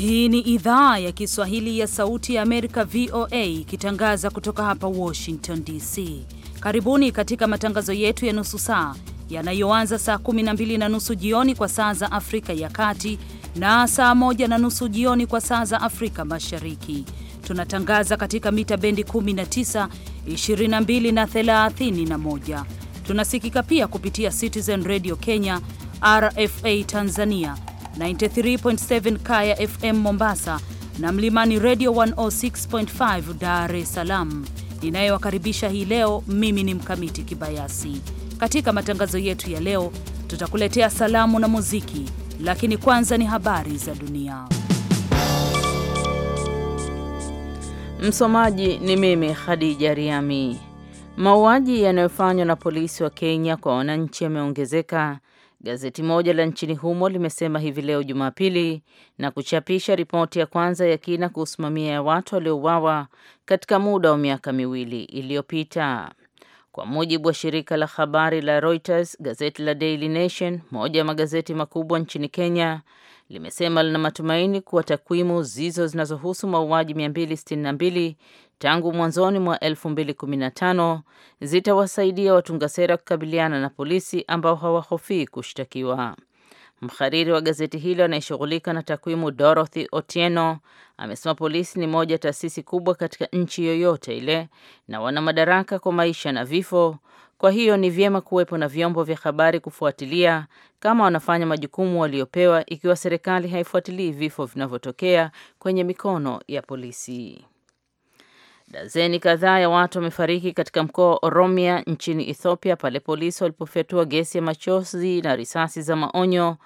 Hii ni idhaa ya Kiswahili ya Sauti ya Amerika, VOA, ikitangaza kutoka hapa Washington DC. Karibuni katika matangazo yetu ya nusu saa yanayoanza saa 12 na nusu jioni kwa saa za Afrika ya Kati na saa 1 na nusu jioni kwa saa za Afrika Mashariki. Tunatangaza katika mita bendi 19, 22 na 31. Tunasikika pia kupitia Citizen Radio Kenya, RFA Tanzania, 93.7 Kaya FM Mombasa na Mlimani Radio 106.5 Dar es Salaam. Ninayewakaribisha hii leo mimi ni Mkamiti Kibayasi. Katika matangazo yetu ya leo tutakuletea salamu na muziki, lakini kwanza ni habari za dunia. Msomaji ni mimi Khadija Riami. Mauaji yanayofanywa na polisi wa Kenya kwa wananchi yameongezeka Gazeti moja la nchini humo limesema hivi leo Jumapili na kuchapisha ripoti ya kwanza ya kina kuhusu mamia ya watu waliouawa katika muda wa miaka miwili iliyopita. Kwa mujibu wa shirika la habari la Reuters, gazeti la Daily Nation, moja ya magazeti makubwa nchini Kenya, limesema lina matumaini kuwa takwimu zizo zinazohusu mauaji 262 tangu mwanzoni mwa 2015 zitawasaidia watunga sera kukabiliana na polisi ambao hawahofii kushtakiwa. Mhariri wa gazeti hilo anayeshughulika na takwimu Dorothy Otieno amesema polisi ni moja taasisi kubwa katika nchi yoyote ile na wana madaraka kwa maisha na vifo. Kwa hiyo ni vyema kuwepo na vyombo vya habari kufuatilia kama wanafanya majukumu waliopewa, ikiwa serikali haifuatilii vifo vinavyotokea kwenye mikono ya polisi. Dazeni kadhaa ya watu wamefariki katika mkoa wa Oromia nchini Ethiopia pale polisi walipofyatua gesi ya machozi na risasi za maonyo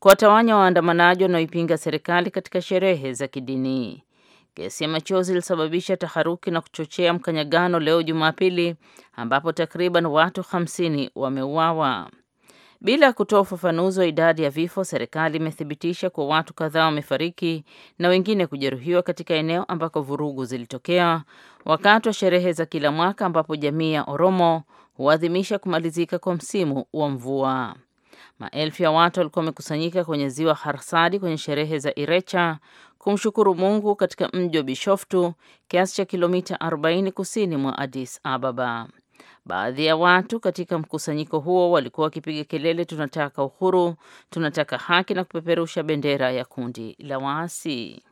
kuwatawanya waandamanaji wanaoipinga serikali katika sherehe za kidini. Gesi ya machozi ilisababisha taharuki na kuchochea mkanyagano leo Jumapili ambapo takriban watu 50 wameuawa. Bila kutoa ufafanuzi wa idadi ya vifo, serikali imethibitisha kuwa watu kadhaa wamefariki na wengine kujeruhiwa katika eneo ambako vurugu zilitokea wakati wa sherehe za kila mwaka ambapo jamii ya Oromo huadhimisha kumalizika kwa msimu wa mvua. Maelfu ya watu walikuwa wamekusanyika kwenye ziwa Harsadi kwenye sherehe za Irecha kumshukuru Mungu katika mji wa Bishoftu, kiasi cha kilomita 40 kusini mwa Addis Ababa. Baadhi ya watu katika mkusanyiko huo walikuwa wakipiga kelele, tunataka uhuru, tunataka haki, na kupeperusha bendera ya kundi la waasi.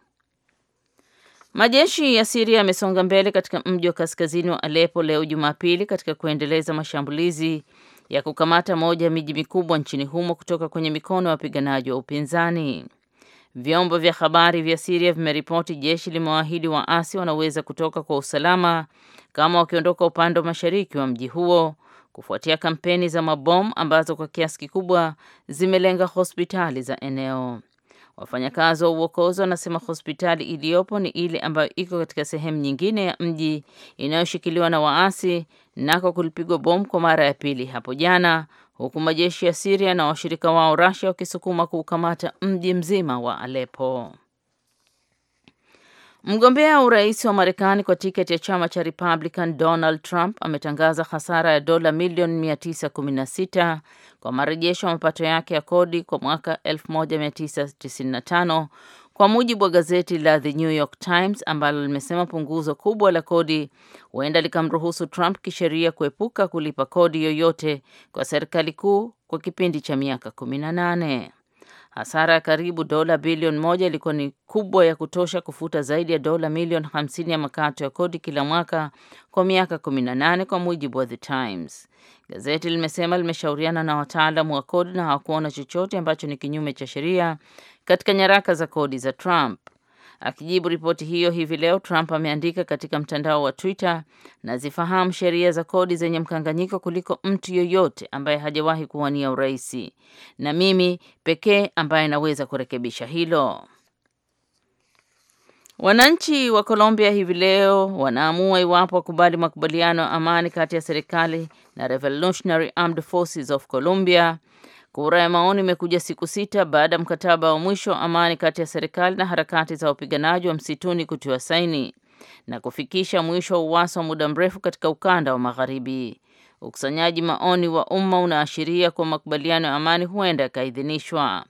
Majeshi ya Siria yamesonga mbele katika mji wa kaskazini wa alepo leo Jumapili katika kuendeleza mashambulizi ya kukamata moja ya miji mikubwa nchini humo kutoka kwenye mikono ya wapiganaji wa upinzani. Vyombo vya habari vya Siria vimeripoti jeshi limewaahidi waasi wanaweza kutoka kwa usalama kama wakiondoka upande wa mashariki wa mji huo kufuatia kampeni za mabomu ambazo kwa kiasi kikubwa zimelenga hospitali za eneo. Wafanyakazi wa uokozi wanasema hospitali iliyopo ni ile ambayo iko katika sehemu nyingine ya mji inayoshikiliwa na waasi, nako kulipigwa bomu kwa mara ya pili hapo jana, huku majeshi ya Siria na washirika wao Russia wakisukuma kuukamata mji mzima wa Aleppo. Mgombea urais wa Marekani kwa tiketi ya chama cha Republican Donald Trump ametangaza hasara ya dola milioni 916 kwa marejesho ya mapato yake ya kodi kwa mwaka 1995 kwa mujibu wa gazeti la The New York Times ambalo limesema punguzo kubwa la kodi huenda likamruhusu Trump kisheria kuepuka kulipa kodi yoyote kwa serikali kuu kwa kipindi cha miaka 18. Hasara ya karibu dola bilioni moja ilikuwa ni kubwa ya kutosha kufuta zaidi ya dola milioni 50 ya makato ya kodi kila mwaka kwa miaka 18 kwa mujibu wa The Times. Gazeti limesema limeshauriana na wataalamu wa kodi na hawakuona chochote ambacho ni kinyume cha sheria katika nyaraka za kodi za Trump. Akijibu ripoti hiyo hivi leo, Trump ameandika katika mtandao wa Twitter, nazifahamu sheria za kodi zenye mkanganyiko kuliko mtu yoyote ambaye hajawahi kuwania uraisi, na mimi pekee ambaye naweza kurekebisha hilo. Wananchi wa Colombia hivi leo wanaamua iwapo wakubali makubaliano ya amani kati ya serikali na Revolutionary Armed Forces of Colombia Kura ya maoni imekuja siku sita baada ya mkataba wa mwisho wa amani kati ya serikali na harakati za wapiganaji wa msituni kutiwa saini na kufikisha mwisho wa uwasa wa muda mrefu katika ukanda wa magharibi. Ukusanyaji maoni wa umma unaashiria kuwa makubaliano ya amani huenda yakaidhinishwa.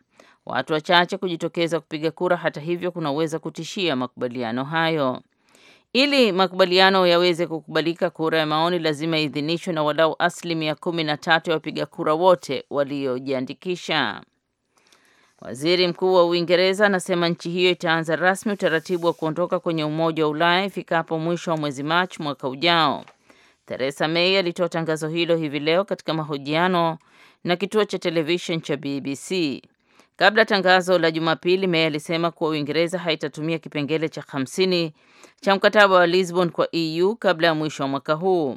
Watu wachache kujitokeza kupiga kura, hata hivyo, kunaweza kutishia makubaliano hayo. Ili makubaliano yaweze kukubalika, kura ya maoni lazima iidhinishwe na walau asilimia kumi na tatu ya wapiga kura wote waliojiandikisha. Waziri Mkuu wa Uingereza anasema nchi hiyo itaanza rasmi utaratibu wa kuondoka kwenye Umoja wa Ulaya ifikapo mwisho wa mwezi Machi mwaka ujao. Theresa May alitoa tangazo hilo hivi leo katika mahojiano na kituo cha televishen cha BBC. Kabla tangazo la Jumapili, May alisema kuwa Uingereza haitatumia kipengele cha 50 cha mkataba wa Lisbon kwa EU kabla ya mwisho wa mwaka huu.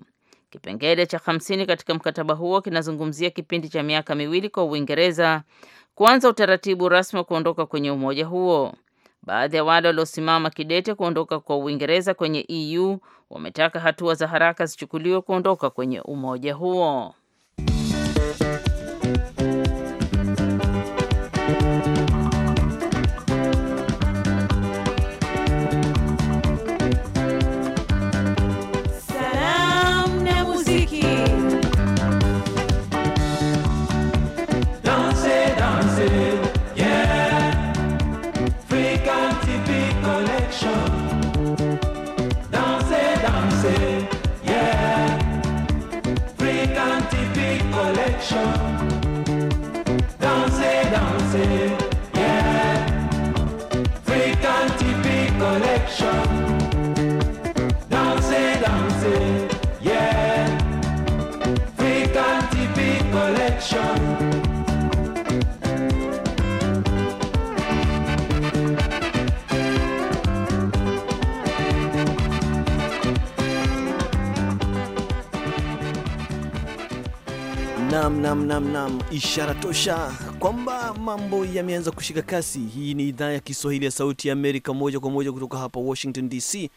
Kipengele cha 50 katika mkataba huo kinazungumzia kipindi cha miaka miwili kwa Uingereza kuanza utaratibu rasmi wa kuondoka kwenye umoja huo. Baadhi ya wale waliosimama kidete kuondoka kwa Uingereza kwenye EU wametaka hatua za haraka zichukuliwe kuondoka kwenye umoja huo. Collection Nam, nam, nam, ishara tosha kwamba mambo yameanza kushika kasi. Hii ni idhaa ya Kiswahili ya Sauti ya Amerika, moja kwa moja kutoka hapa Washington DC,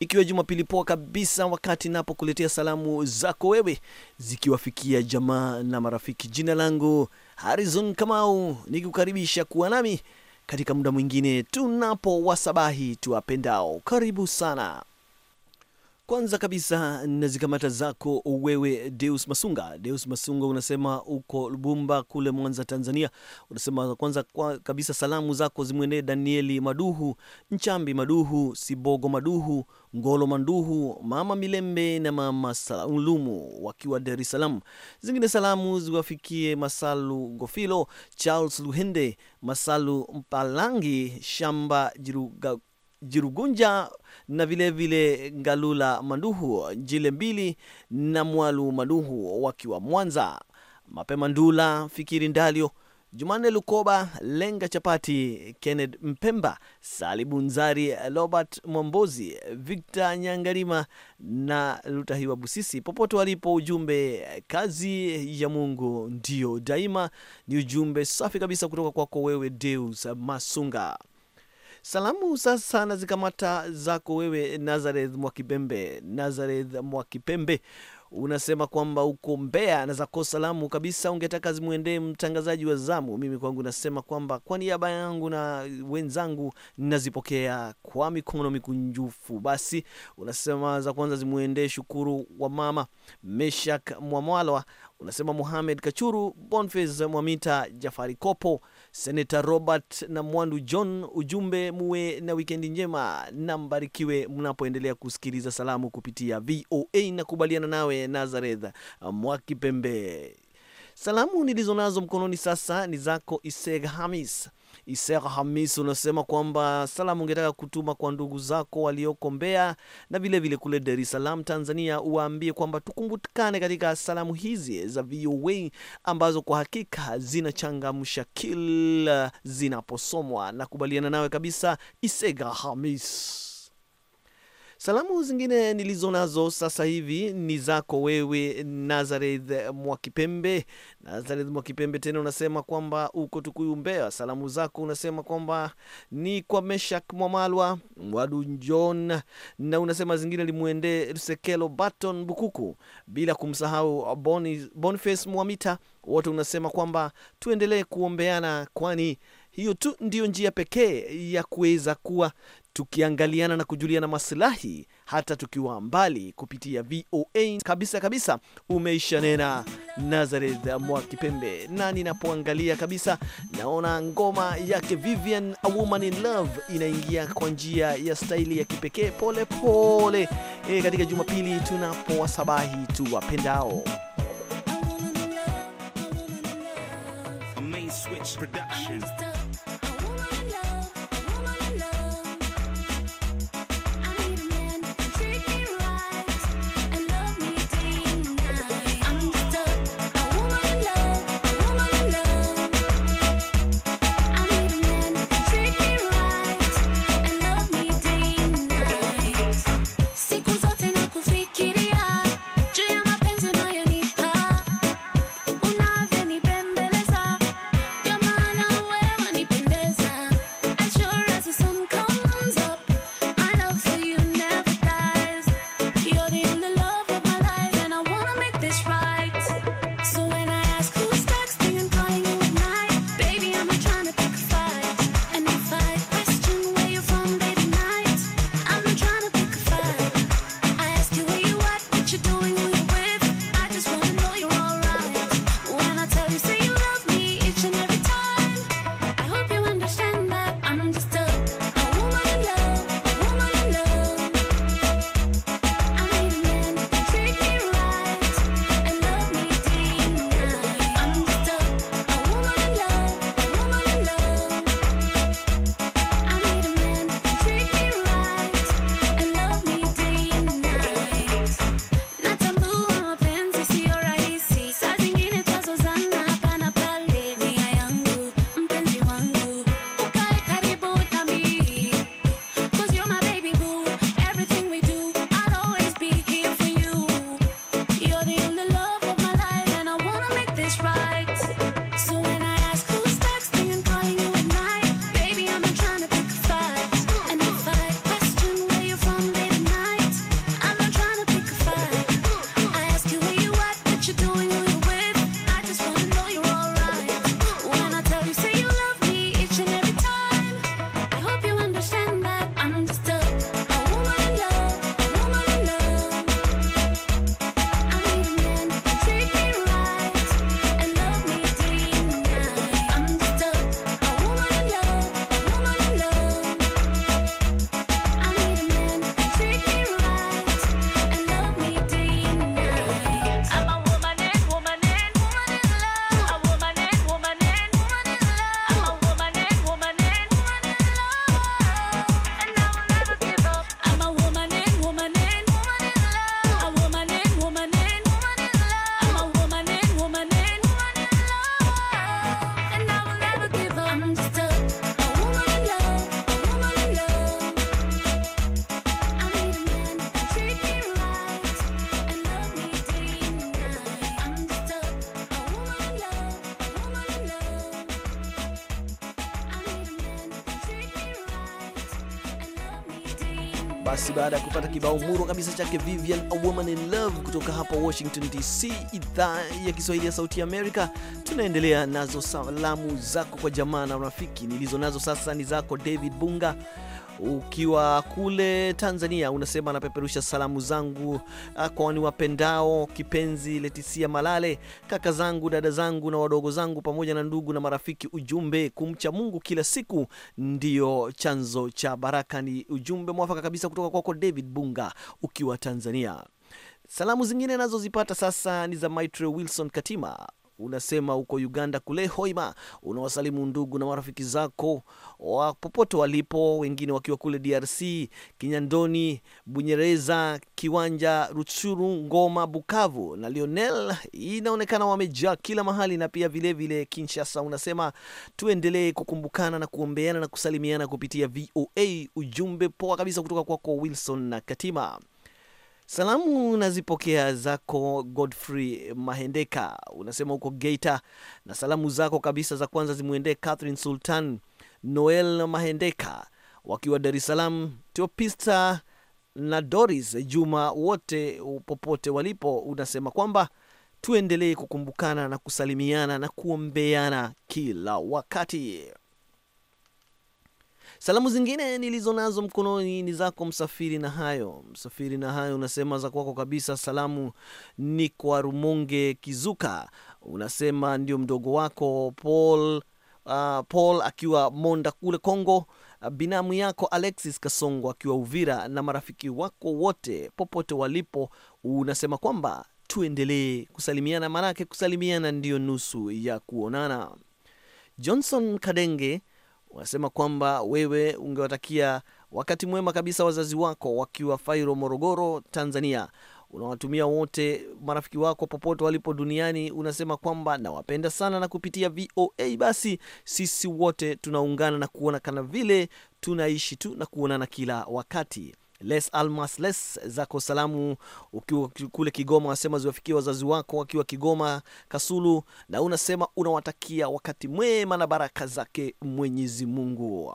ikiwa Jumapili poa kabisa, wakati napokuletea salamu zako wewe zikiwafikia jamaa na marafiki. Jina langu Harrison Kamau, nikikukaribisha kuwa nami katika muda mwingine tunapowasabahi tuwapendao. Karibu sana. Kwanza kabisa na zikamata zako wewe Deus Masunga. Deus Masunga, unasema uko Lubumba kule Mwanza, Tanzania. Unasema kwanza kwa kabisa salamu zako zimwendee Danieli Maduhu, Nchambi Maduhu, Sibogo Maduhu, Ngolo Manduhu, Mama Milembe na Mama Salulumu wakiwa Dar es Salaam. Zingine salamu ziwafikie Masalu Gofilo, Charles Luhende, Masalu Mpalangi, Shamba Jiruga Jirugunja na vilevile vile Ngalula Manduhu, Jile Mbili na Mwalu Manduhu wakiwa Mwanza, Mapema Ndula, Fikiri Ndalio, Jumanne Lukoba, Lenga Chapati, Kenneth Mpemba, Salibu Nzari, Robert Mwambozi, Victor Nyangalima na Lutahiwa Busisi, popote walipo. Ujumbe kazi ya Mungu ndiyo daima, ni ujumbe safi kabisa kutoka kwako wewe Deus Masunga. Salamu sasa na zikamata zako wewe, Nazareth Mwakipembe. Nazareth Mwakipembe unasema kwamba uko Mbeya na zako salamu kabisa ungetaka zimwendee mtangazaji wa zamu. Mimi kwangu nasema kwamba kwa niaba yangu na wenzangu nazipokea kwa mikono mikunjufu. Basi unasema za kwanza zimwendee Shukuru wa mama Meshak Mwamwalwa, unasema Muhamed Kachuru, Bonfes Mwamita, Jafari Kopo seneta Robert na Mwandu John, ujumbe muwe na wikendi njema na mbarikiwe mnapoendelea kusikiliza salamu kupitia VOA. Nakubaliana nawe Nazareth Mwakipembe. Salamu nilizo nazo mkononi sasa ni zako Iseg Hamis Isera Hamis unasema kwamba salamu ungetaka kutuma kwa ndugu zako walioko Mbeya na vilevile kule Dar es Salaam, Tanzania, uwaambie kwamba tukumbukane katika salamu hizi za VOA ambazo kwa hakika zinachangamsha kila zinaposomwa. Nakubaliana nawe kabisa, Isega Hamis. Salamu zingine nilizo nazo sasa hivi ni zako wewe Nazareth Mwakipembe. Nazareth Mwakipembe tena unasema kwamba uko Tukuyu, Mbeya. Salamu zako unasema kwamba ni kwa Meshak Mwamalwa Mwadu John, na unasema zingine limwendee Lusekelo Baton Bukuku, bila kumsahau Boniface Mwamita. Wote unasema kwamba tuendelee kuombeana, kwani hiyo tu ndiyo njia pekee ya kuweza kuwa tukiangaliana na kujuliana masilahi hata tukiwa mbali kupitia VOA kabisa kabisa. Umeisha nena Nazareth mwa Kipembe, na ninapoangalia kabisa naona ngoma yake Vivian A Woman in Love inaingia kwa njia ya staili ya kipekee pole pole. E, katika Jumapili tunapowasabahi tu wapendao Productions Basi baada ya kupata kibao murwa kabisa chake Vivian A Woman in Love kutoka hapa Washington DC, idhaa ya Kiswahili ya Sauti Amerika, tunaendelea nazo salamu zako kwa jamaa na rafiki. Nilizo nazo sasa ni zako David Bunga ukiwa kule Tanzania unasema napeperusha salamu zangu ah, kwa niwapendao, kipenzi Letisia Malale, kaka zangu, dada zangu na wadogo zangu, pamoja na ndugu na marafiki. Ujumbe, kumcha Mungu kila siku ndio chanzo cha baraka. Ni ujumbe mwafaka kabisa kutoka kwako David Bunga ukiwa Tanzania. Salamu zingine nazozipata sasa ni za Maitre Wilson Katima unasema uko Uganda kule Hoima, unawasalimu ndugu na marafiki zako wa popote walipo, wengine wakiwa kule DRC, Kinyandoni, Bunyereza, Kiwanja, Ruchuru, Ngoma, Bukavu na Lionel, inaonekana wamejaa kila mahali, na pia vilevile vile Kinshasa. Unasema tuendelee kukumbukana na kuombeana na kusalimiana kupitia VOA. Ujumbe poa kabisa kutoka kwako kwa Wilson na Katima. Salamu nazipokea zako Godfrey Mahendeka, unasema huko Geita, na salamu zako kabisa za kwanza zimwendee Catherine Sultan, Noel Mahendeka wakiwa Dar es Salaam, Teopista na Doris Juma, wote popote walipo, unasema kwamba tuendelee kukumbukana na kusalimiana na kuombeana kila wakati. Salamu zingine nilizo nazo mkononi ni zako msafiri na hayo, msafiri na hayo, unasema za kwako kabisa. Salamu ni kwa Rumonge Kizuka, unasema ndio mdogo wako Paul, uh, Paul akiwa Monda kule Kongo, ah, binamu yako Alexis Kasongo akiwa Uvira na marafiki wako wote popote walipo, unasema kwamba tuendelee kusalimiana, maanake kusalimiana ndiyo nusu ya kuonana. Johnson Kadenge unasema kwamba wewe ungewatakia wakati mwema kabisa wazazi wako wakiwa Fairo, Morogoro, Tanzania. Unawatumia wote marafiki wako popote walipo duniani, unasema kwamba nawapenda sana, na kupitia VOA basi sisi wote tunaungana na kuona kana vile tunaishi tu na kuonana kila wakati. Les Almas Les zako salamu ukiwa kule Kigoma, unasema ziwafikie wazazi wako wakiwa Kigoma Kasulu, na unasema unawatakia wakati mwema na baraka zake Mwenyezi Mungu.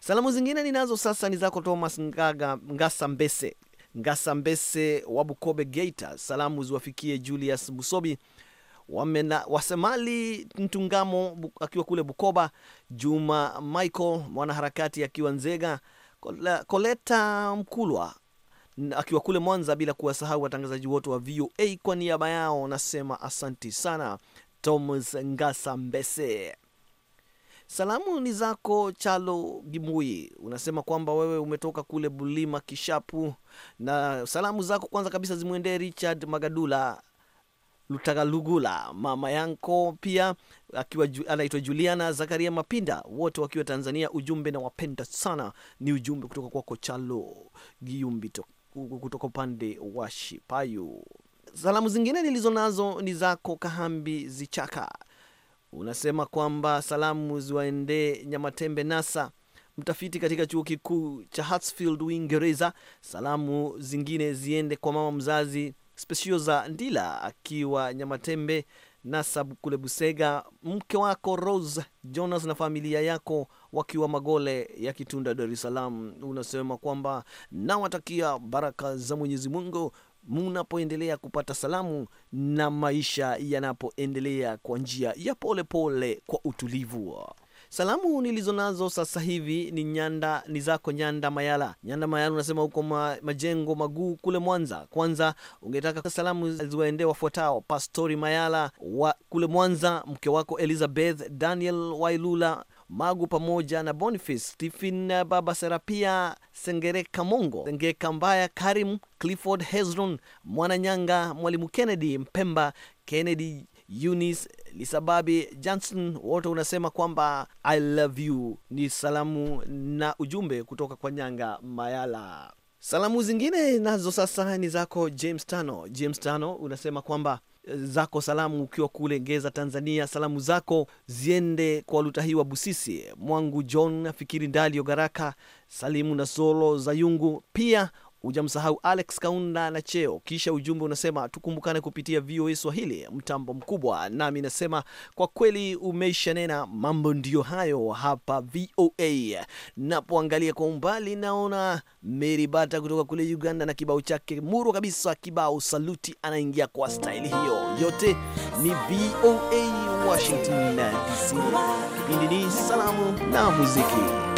Salamu zingine ninazo sasa ni zako Thomas Ngaga, Ngasa Mbese Ngasa Mbese wa Bukobe Geita. Salamu ziwafikie Julius Busobi Wamena, Wasemali Mtungamo akiwa kule Bukoba, Juma Michael mwanaharakati akiwa Nzega Koleta Mkulwa akiwa kule Mwanza, bila kuwasahau watangazaji wote wa VOA. Kwa niaba yao nasema asanti sana Thomas Ngasa Mbese. Salamu ni zako Chalo Gimui, unasema kwamba wewe umetoka kule Bulima Kishapu, na salamu zako kwanza kabisa zimwendee Richard Magadula Lutagalugula, mama yanko pia akiwa anaitwa Juliana Zakaria Mapinda, wote wakiwa Tanzania. Ujumbe na wapenda sana, ni ujumbe kutoka kwa Kochalo Giumbi kutoka upande wa Shipayu. Salamu zingine nilizo nazo ni zako Kahambi Zichaka, unasema kwamba salamu ziwaendee Nyamatembe Nasa, mtafiti katika chuo kikuu cha Hartsfield Uingereza. Salamu zingine ziende kwa mama mzazi Specioza Ndila akiwa Nyamatembe, Sabu kule Busega, mke wako Rose Jonas na familia yako wakiwa Magole ya Kitunda, Dar es Salaam. Unasema kwamba nawatakia baraka za Mwenyezi Mungu munapoendelea kupata salamu na maisha yanapoendelea kwa njia ya polepole pole kwa utulivu. Salamu nilizo nazo sasa hivi ni nyanda ni zako Nyanda Mayala. Nyanda Mayala unasema huko ma, majengo maguu kule Mwanza. Kwanza ungetaka salamu ziwaendee wafuatao: Pastori Mayala wa kule Mwanza, mke wako Elizabeth Daniel Wailula Magu pamoja na Boniface Stephen, Baba Serapia Sengereka, Mongo Sengeka, Mbaya Karim, Clifford Hezron, Mwananyanga, Mwalimu Kennedy Mpemba, Kennedy Eunice Lisababi Johnson, wote unasema kwamba I love you. Ni salamu na ujumbe kutoka kwa Nyanga Mayala. Salamu zingine nazo sasa ni zako James Tano. James Tano unasema kwamba eh, zako salamu ukiwa kule Ngeza, Tanzania. Salamu zako ziende kwa Lutahiwa Busisi, Mwangu John, Fikiri Ndali, Ogaraka, Salimu na Solo za Yungu, pia Hujamsahau Alex Kaunda na cheo. Kisha ujumbe unasema tukumbukane kupitia VOA Swahili, mtambo mkubwa. Nami nasema kwa kweli umeisha nena. Mambo ndiyo hayo hapa VOA. Napoangalia kwa umbali, naona Meri Bata kutoka kule Uganda na kibao chake murwa kabisa, kibao saluti, anaingia kwa staili hiyo. Yote ni VOA Washington DC. Kipindi ni salamu na muziki.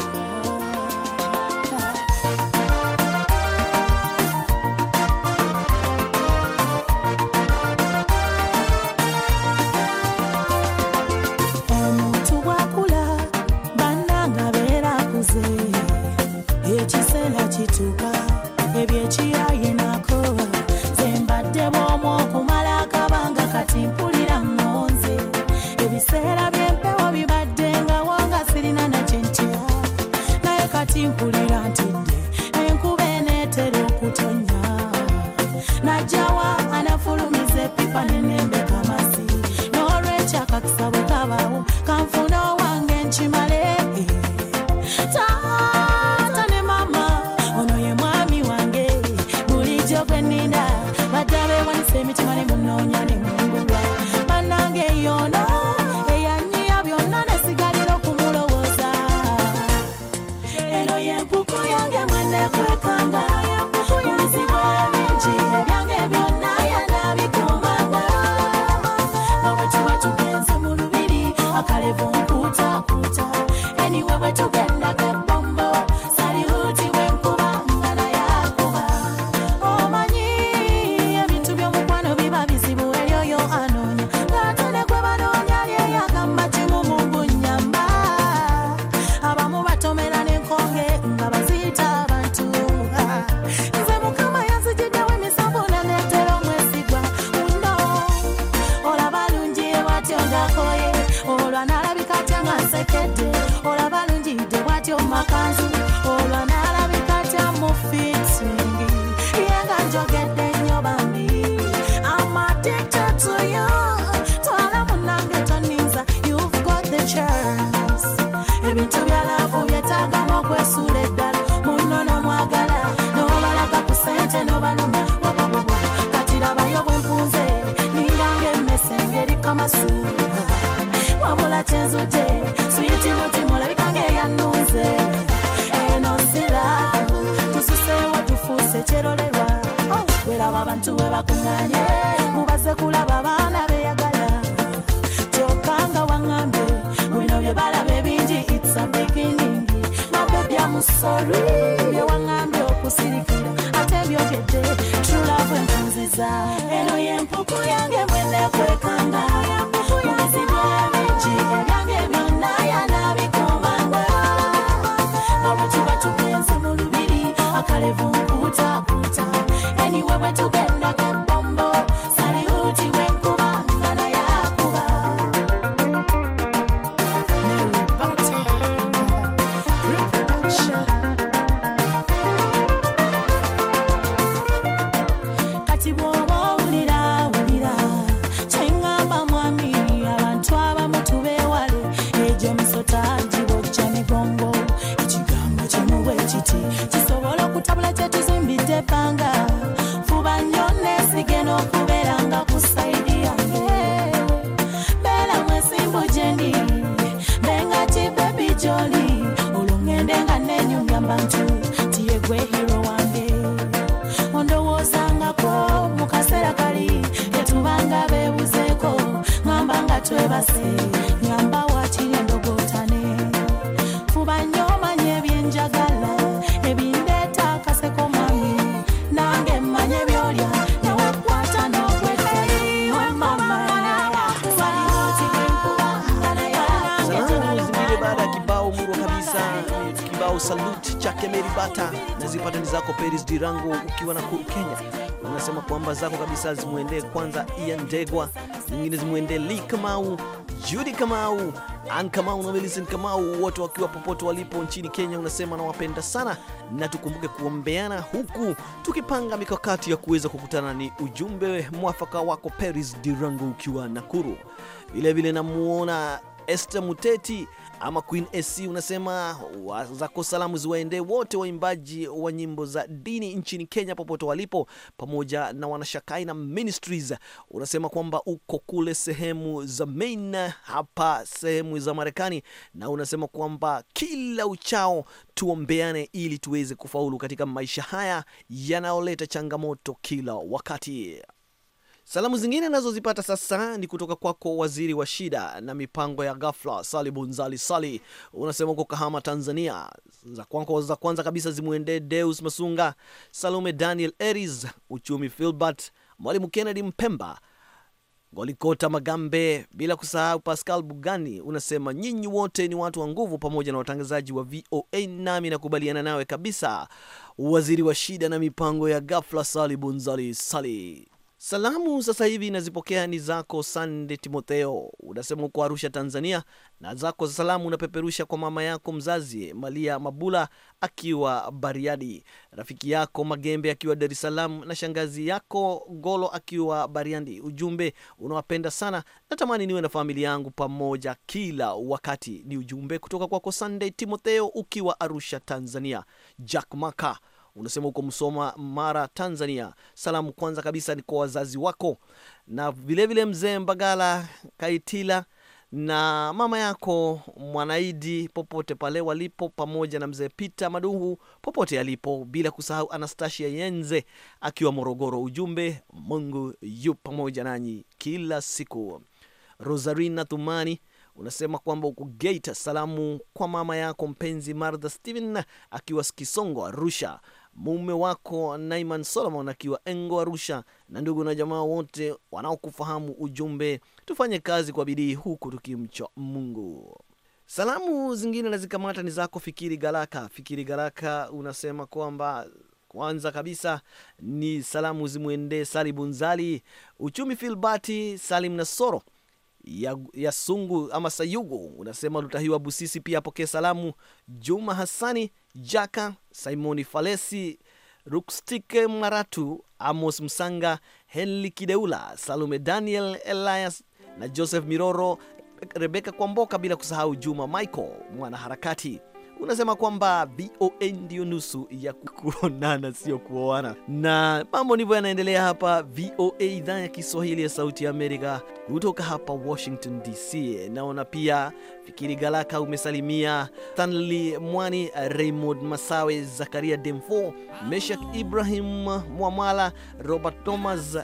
usisahau salute chake Mary Bata na zipatani zako Peris Dirango ukiwa na kuru Kenya. Unasema kwamba zako kabisa zimwendee kwanza Ian Ndegwa, nyingine zimwendee Lee Kamau, Judy Kamau, An Kamau na Millicent Kamau, wote wakiwa popote walipo nchini Kenya. Unasema nawapenda sana, na tukumbuke kuombeana huku tukipanga mikakati ya kuweza kukutana. Ni ujumbe mwafaka wako Peris Dirango ukiwa Nakuru. Vilevile namuona Esther Muteti ama Queen AC unasema zako salamu ziwaendee wote waimbaji wa nyimbo za dini nchini Kenya popote walipo, pamoja na na Ministries. Unasema kwamba uko kule sehemu za main hapa sehemu za Marekani, na unasema kwamba kila uchao tuombeane ili tuweze kufaulu katika maisha haya yanayoleta changamoto kila wakati. Salamu zingine nazozipata sasa ni kutoka kwako waziri wa shida na mipango ya ghafla Sali Bunzali Sali, unasema uko Kahama, Tanzania. Za kwako za kwanza kabisa zimwendee Deus Masunga, Salome Daniel Eris, Uchumi Filbert, Mwalimu Kennedy Mpemba, Golikota Magambe, bila kusahau Pascal Bugani. Unasema nyinyi wote ni watu wa nguvu, pamoja na watangazaji wa VOA, nami nakubaliana nawe kabisa, waziri wa shida na mipango ya ghafla Sali Bunzali Sali. Salamu sasa hivi nazipokea ni zako Sande Timotheo, unasema uko Arusha, Tanzania, na zako za salamu unapeperusha kwa mama yako mzazi Malia Mabula akiwa Bariadi, rafiki yako Magembe akiwa Dar es Salaam na shangazi yako Golo akiwa Bariadi. Ujumbe unawapenda sana, natamani niwe na familia yangu pamoja kila wakati. Ni ujumbe kutoka kwako Sande Timotheo ukiwa Arusha, Tanzania. Jack Maka Unasema uko Msoma, Mara, Tanzania. Salamu kwanza kabisa ni kwa wazazi wako na vilevile mzee Mbagala Kaitila na mama yako Mwanaidi popote pale walipo, pamoja na mzee Peter Maduhu popote alipo, bila kusahau Anastasia Yenze akiwa Morogoro. Ujumbe, Mungu yu pamoja nanyi kila siku. Rosarina Thumani unasema kwamba uko Geita. Salamu kwa mama yako mpenzi Martha Steven akiwa Kisongo, Arusha mume wako Naiman Solomon akiwa Engo Arusha, na ndugu na jamaa wote wanaokufahamu ujumbe, tufanye kazi kwa bidii huku tukimcha Mungu. Salamu zingine nazikamata ni zako Fikiri Galaka. Fikiri Galaka unasema kwamba kwanza kabisa ni salamu zimwendee Sali Bunzali, Uchumi Filbati, Salim Nasoro ya, ya sungu ama Sayugu unasema Lutahiwa Busisi pia apokee salamu. Juma Hassani Jaka, Simoni Falesi, Rukstike Maratu, Amos Msanga, Henli Kideula, Salume Daniel, Elias na Joseph Miroro, Rebeka Kwamboka, bila kusahau Juma Michael mwanaharakati unasema kwamba VOA ndio nusu ya kuonana, sio kuoana. Na mambo ndivyo yanaendelea hapa VOA, idhaa ya Kiswahili ya Sauti ya Amerika, kutoka hapa Washington DC. Naona pia Fikiri Galaka umesalimia Stanley Mwani, Raymond Masawe, Zakaria Demfo, Meshak Ibrahim Mwamala, Robert Thomas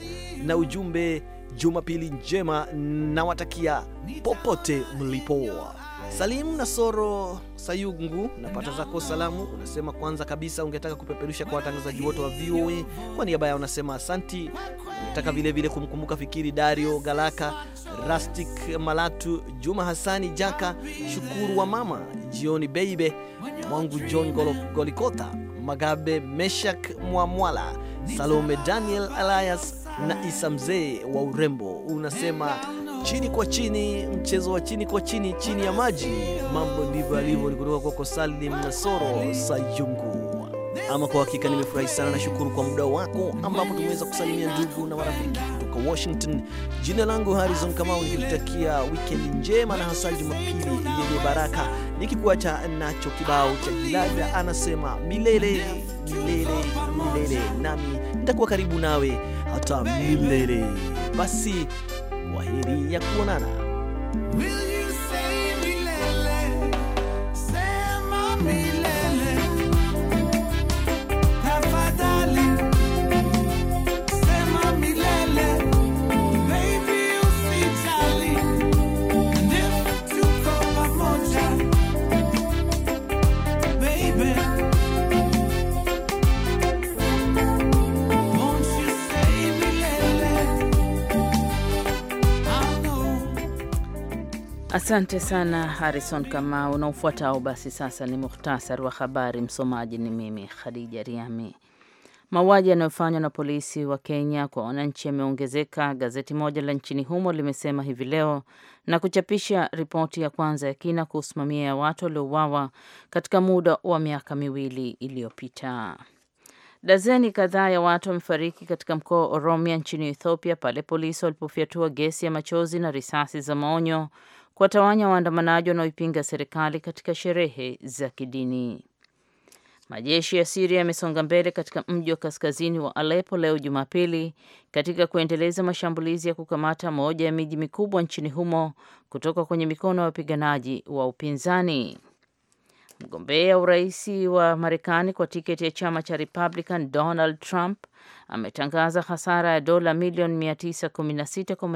na ujumbe Jumapili njema nawatakia popote mlipo. Salim soro Sayungu, napata zako salamu. Unasema kwanza kabisa ungetaka kupeperusha kwa watangazaji wote wa VOA, e. kwa niaba yao unasema asanti. Ungetaka vilevile kumkumbuka Fikiri Dario Galaka, Rastik Malatu, Juma Hasani Jaka, Shukuru wa mama Jioni, Beibe Mwangu, John Golikota, Magabe Meshak Mwamwala, Salome Daniel Elias na Isa mzee wa urembo, unasema chini kwa chini, mchezo wa chini kwa chini, chini ya maji. Mambo ndivyo yalivyo. Ni kutoka kwako Salim Nasoro Sayungu. Ama kwa hakika nimefurahi sana, nashukuru kwa muda wako, ambapo tumeweza kusalimia ndugu na marafiki kutoka Washington. Jina langu Harrison Kamau, nikikutakia wikendi njema na hasa Jumapili yenye baraka, nikikuacha nacho kibao cha Jilada anasema milele milele milele, nami nitakuwa karibu nawe hata milele. Basi kwaheri ya kuonana. Asante sana Harrison Kamau. Na ufuatao basi sasa ni muhtasari wa habari. Msomaji ni mimi Khadija Riami. Mauaji yanayofanywa na polisi wa Kenya kwa wananchi yameongezeka, gazeti moja la nchini humo limesema hivi leo na kuchapisha ripoti ya kwanza ya kina kuhusu mamia ya watu waliouawa katika muda wa miaka miwili iliyopita. Dazeni kadhaa ya watu wamefariki katika mkoa wa Oromia nchini Ethiopia pale polisi walipofyatua gesi ya machozi na risasi za maonyo kuwatawanya waandamanaji wanaoipinga serikali katika sherehe za kidini. Majeshi ya Siria yamesonga mbele katika mji wa kaskazini wa alepo leo Jumapili katika kuendeleza mashambulizi ya kukamata moja ya miji mikubwa nchini humo kutoka kwenye mikono ya wapiganaji wa upinzani. Mgombea urais wa Marekani kwa tiketi ya chama cha Republican Donald Trump ametangaza hasara ya dola milioni 916 kwa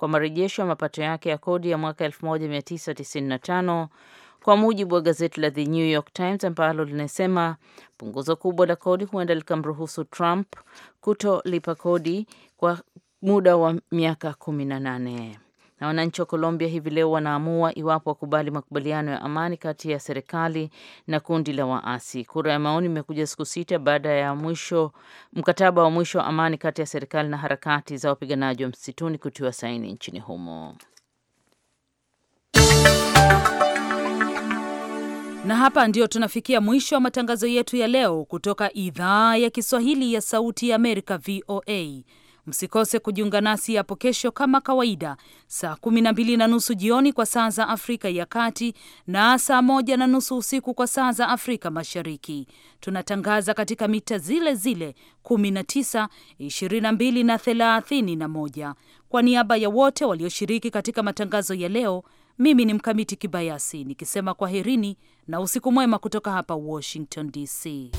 kwa marejesho ya mapato yake ya kodi ya mwaka 1995 kwa mujibu wa gazeti la The New York Times ambalo linasema punguzo kubwa la kodi huenda likamruhusu Trump kutolipa kodi kwa muda wa miaka 18 na wananchi wa Colombia hivi leo wanaamua iwapo wakubali makubaliano ya amani kati ya serikali na kundi la waasi. Kura ya maoni imekuja siku sita baada ya mwisho mkataba wa mwisho wa amani kati ya serikali na harakati za wapiganaji wa msituni kutiwa saini nchini humo. Na hapa ndio tunafikia mwisho wa matangazo yetu ya leo kutoka idhaa ya Kiswahili ya Sauti ya Amerika, VOA. Msikose kujiunga nasi hapo kesho kama kawaida saa kumi na mbili na nusu jioni kwa saa za Afrika ya Kati na saa moja na nusu usiku kwa saa za Afrika Mashariki. Tunatangaza katika mita zile zile 19, 22 na 31. Kwa niaba ya wote walioshiriki katika matangazo ya leo, mimi ni Mkamiti Kibayasi nikisema kwaherini na usiku mwema kutoka hapa Washington DC.